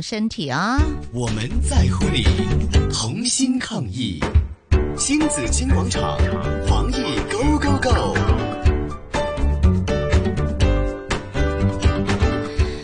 身體啊，我們在乎你，同心抗疫，新紫金廣場，防疫 go go go。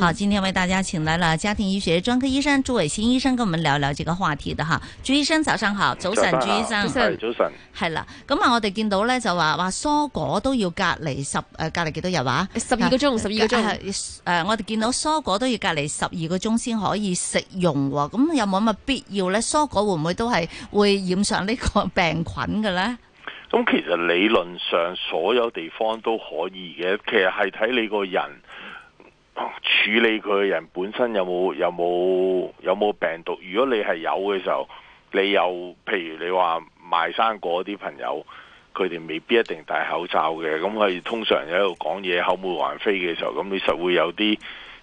好，今天為大家請來了家庭醫學專科醫生朱偉星醫生，跟我們聊聊這個話題的哈。朱醫生，早上好。早晨，朱醫生。早晨。早晨。係啦，咁啊，我哋見到咧就話話蔬果都要隔離十誒，隔離幾多日話、啊？十二個鐘，十二個鐘。誒、啊，我哋見到蔬果都要隔離十二個鐘先可以食用，咁有冇乜必要咧？蔬果會唔會都係會染上呢個病菌嘅咧？咁其實理論上所有地方都可以嘅，其實係睇你個人。處理佢嘅人本身有冇有冇有冇病毒？如果你係有嘅時候，你有譬如你話賣生果啲朋友，佢哋未必一定戴口罩嘅。咁佢通常喺度講嘢，口沫橫飛嘅時候，咁你實會有啲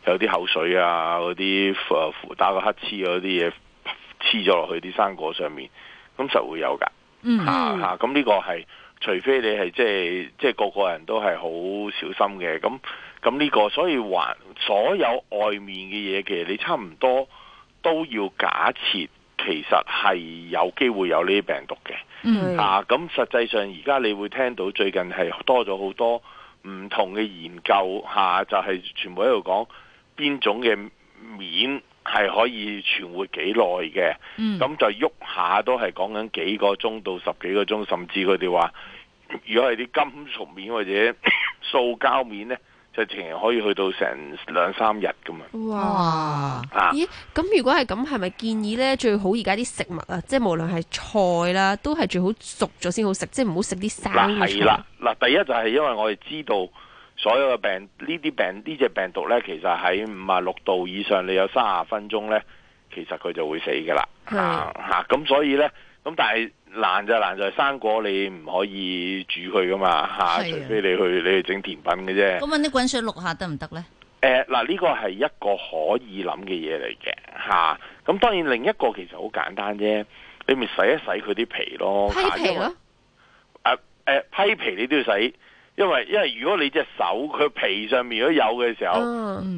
有啲口水啊，嗰啲誒打個乞嗤嗰啲嘢黐咗落去啲生果上面，咁實會有噶。吓吓、mm，咁、hmm. 呢、啊啊、個係除非你係即係即係個個人都係好小心嘅咁。咁呢個，所以還所有外面嘅嘢，其實你差唔多都要假設，其實係有機會有呢啲病毒嘅。嗯、mm。咁、hmm. 啊、實際上而家你會聽到最近係多咗好多唔同嘅研究嚇、啊，就係全部喺度講邊種嘅面係可以存活幾耐嘅。嗯、mm。咁、hmm. 就喐下都係講緊幾個鐘到十幾個鐘，甚至佢哋話，如果係啲金屬面或者塑膠面呢。直情可以去到成兩三日咁哇啊！哇、欸！咦？咁如果係咁，係咪建議呢？最好而家啲食物啊，即係無論係菜啦，都係最好熟咗先好食，即係唔好食啲生嘅嘢。啦、啊，嗱、啊、第一就係因為我哋知道所有嘅病呢啲病呢隻病，病毒呢，其實喺五啊六度以上，你有三十分鐘呢，其實佢就會死㗎啦的、啊。啊咁所以呢。咁但係。難就難在生果你唔可以煮佢噶嘛吓，啊、除非你去你去整甜品嘅啫。咁問啲滾水渌下得唔得咧？誒、呃，嗱、呃，呢、這個係一個可以諗嘅嘢嚟嘅吓。咁、呃嗯、當然，另一個其實好簡單啫，你咪洗一洗佢啲皮咯。批皮咯？誒誒、呃，批皮你都要洗，因為因為如果你隻手佢皮上面如果有嘅時候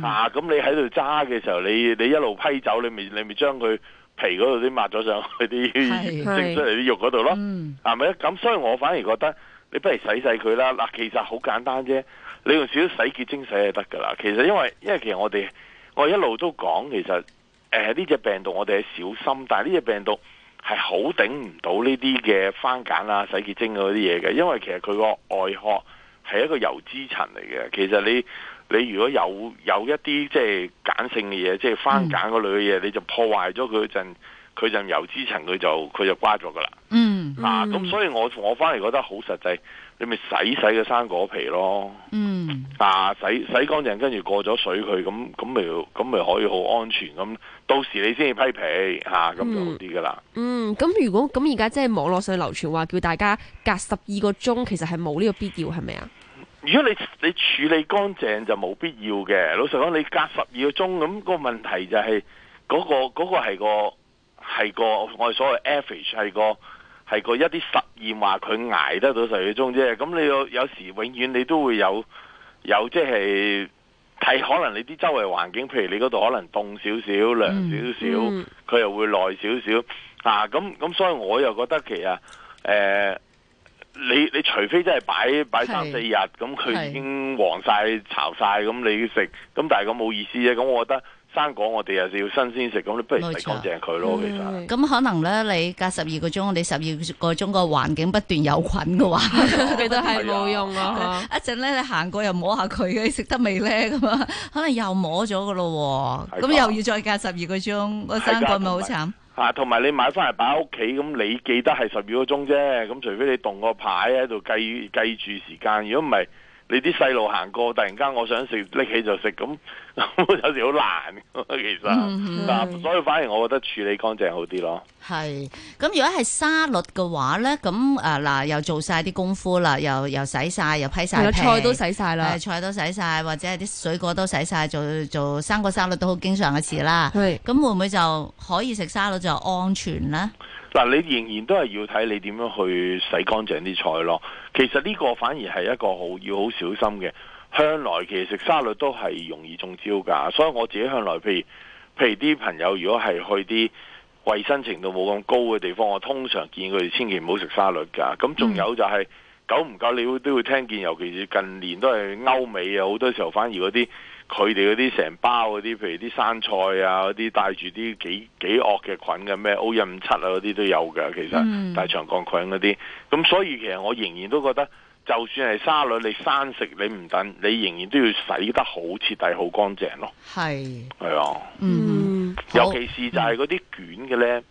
吓，咁你喺度揸嘅時候，你你一路批走，你咪你咪將佢。皮嗰度啲抹咗上去啲 蒸出嚟啲肉嗰度咯，係咪？咁所以我反而覺得你不如洗晒佢啦。嗱，其實好簡單啫，你用少少洗潔精洗就得噶啦。其實因為因為其實我哋我一路都講，其實誒呢隻病毒我哋係小心，但係呢隻病毒係好頂唔到呢啲嘅番梘啊、洗潔精嗰啲嘢嘅，因為其實佢個外殼係一個油脂層嚟嘅，其實你。你如果有有一啲即係鹼性嘅嘢，即係番梘嗰類嘅嘢，你就破壞咗佢陣，佢陣油脂層佢就佢就瓜咗噶啦。嗯，嗱、啊，咁所以我我翻嚟覺得好實際，你咪洗洗個生果皮咯。嗯啊，啊，洗洗乾淨，跟住過咗水佢，咁咁咪咁咪可以好安全。咁到時你先至批皮吓，咁就好啲噶啦。嗯，咁、嗯、如果咁而家即係網絡上流傳話叫大家隔十二個鐘，其實係冇呢個必要，係咪啊？如果你你處理乾淨就冇必要嘅，老實講，你隔十二個鐘咁、嗰個問題就係、係、嗰、嗰個嗰、嗰個係個係個我哋所謂 average 係個係個一啲實驗話佢捱得到十二個鐘啫，咁你有有時永遠你都會有有即係睇可能你啲周圍環境，譬如你嗰度可能凍少少、涼少少，佢又會耐少少啊！咁咁，所以我又覺得其實誒。呃你你除非真係擺擺三四日，咁佢是已經黃晒、巢晒，咁你食，咁但係咁冇意思啫。咁我覺得生果我哋啊要新鮮食，咁你不如隔正佢咯。錯其實咁可能咧，你隔十二個鐘，你十二個鐘個環境不斷有菌嘅話，咁的 都係冇用咯。一陣咧，啊、你行過又摸下佢，你食得未咧？咁啊，可能又摸咗㗎咯喎。咁的又要再隔十二個鐘，個生果咪好慘？嚇，同埋、啊、你買翻嚟擺喺屋企，咁、嗯、你記得係十二個鐘啫。咁、嗯、除非你動個牌喺度計計住時間，如果唔係。你啲細路行過，突然間我想食，拎起就食，咁 有時好難。其實嗱、mm hmm.，所以反而我覺得處理乾淨好啲咯。係咁，如果係沙律嘅話咧，咁誒嗱，又做晒啲功夫啦，又又洗晒，又批晒皮，菜都洗晒啦，菜都洗晒，或者係啲水果都洗晒，做做生果沙律都好經常嘅事啦。咁的會唔會就可以食沙律就安全咧？嗱，你仍然都係要睇你點樣去洗乾淨啲菜咯。其實呢個反而係一個好要好小心嘅。向來其實食沙律都係容易中招噶所以我自己向來譬如譬如，啲朋友如果係去啲衛生程度冇咁高嘅地方，我通常建議佢哋千祈唔好食沙律噶。咁仲有就係、是。嗯久唔久你會都會聽見，尤其是近年都係歐美啊，好多時候反而嗰啲佢哋嗰啲成包嗰啲，譬如啲生菜啊嗰啲，帶住啲幾幾惡嘅菌嘅咩，O157 啊嗰啲都有嘅。其實，嗯、大腸杆菌嗰啲，咁所以其實我仍然都覺得，就算係沙律，你生食你唔等，你仍然都要洗得好徹底、好乾淨咯。係係是啊，嗯，尤其是就係嗰啲。嗯捲嘅呢，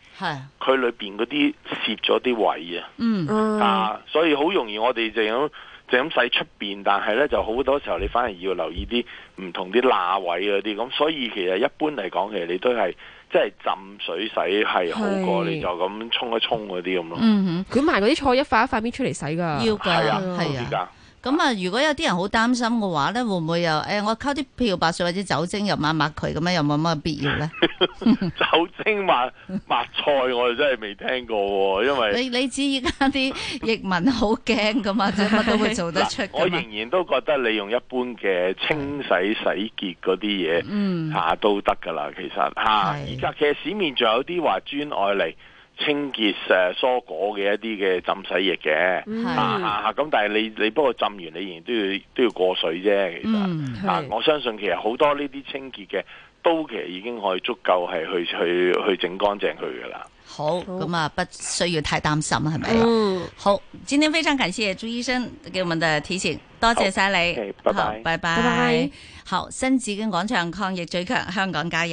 佢裏邊嗰啲攝咗啲位啊、嗯，嗯啊，所以好容易我哋就咁就咁洗出邊，但係呢，就好多時候你反而要留意啲唔同啲罅位嗰啲，咁所以其實一般嚟講，其實你都係即係浸水洗係好過你就咁沖一沖嗰啲咁咯。是嗯哼，捲埋嗰啲菜一塊一塊邊出嚟洗㗎，要㗎的，係啊。咁啊，如果有啲人好擔心嘅話咧，會唔會又誒、哎、我溝啲漂白水或者酒精又抹抹佢咁樣，又有冇乜必要咧？ 酒精抹抹菜，我哋真係未聽過喎，因為你你知而家啲疫民好驚噶嘛，乜都會做得出嘅 我仍然都覺得你用一般嘅清洗洗潔嗰啲嘢嚇都得㗎啦，其實嚇而家其實市面仲有啲話專愛嚟。清潔誒蔬果嘅一啲嘅浸洗液嘅，嗯、啊咁但係你你不過浸完你仍然都要都要過水啫，其實、嗯、啊，我相信其實好多呢啲清潔嘅都其實已經可以足夠係去去去整乾淨佢噶啦。好，咁啊，不需要太擔心，係咪？嗯，好，今天非常感謝朱醫生叫我們嘅提醒，多謝晒你，拜拜，拜、okay, 拜，bye bye. Bye bye. 好，新紫荊廣場抗疫最強，香港加油！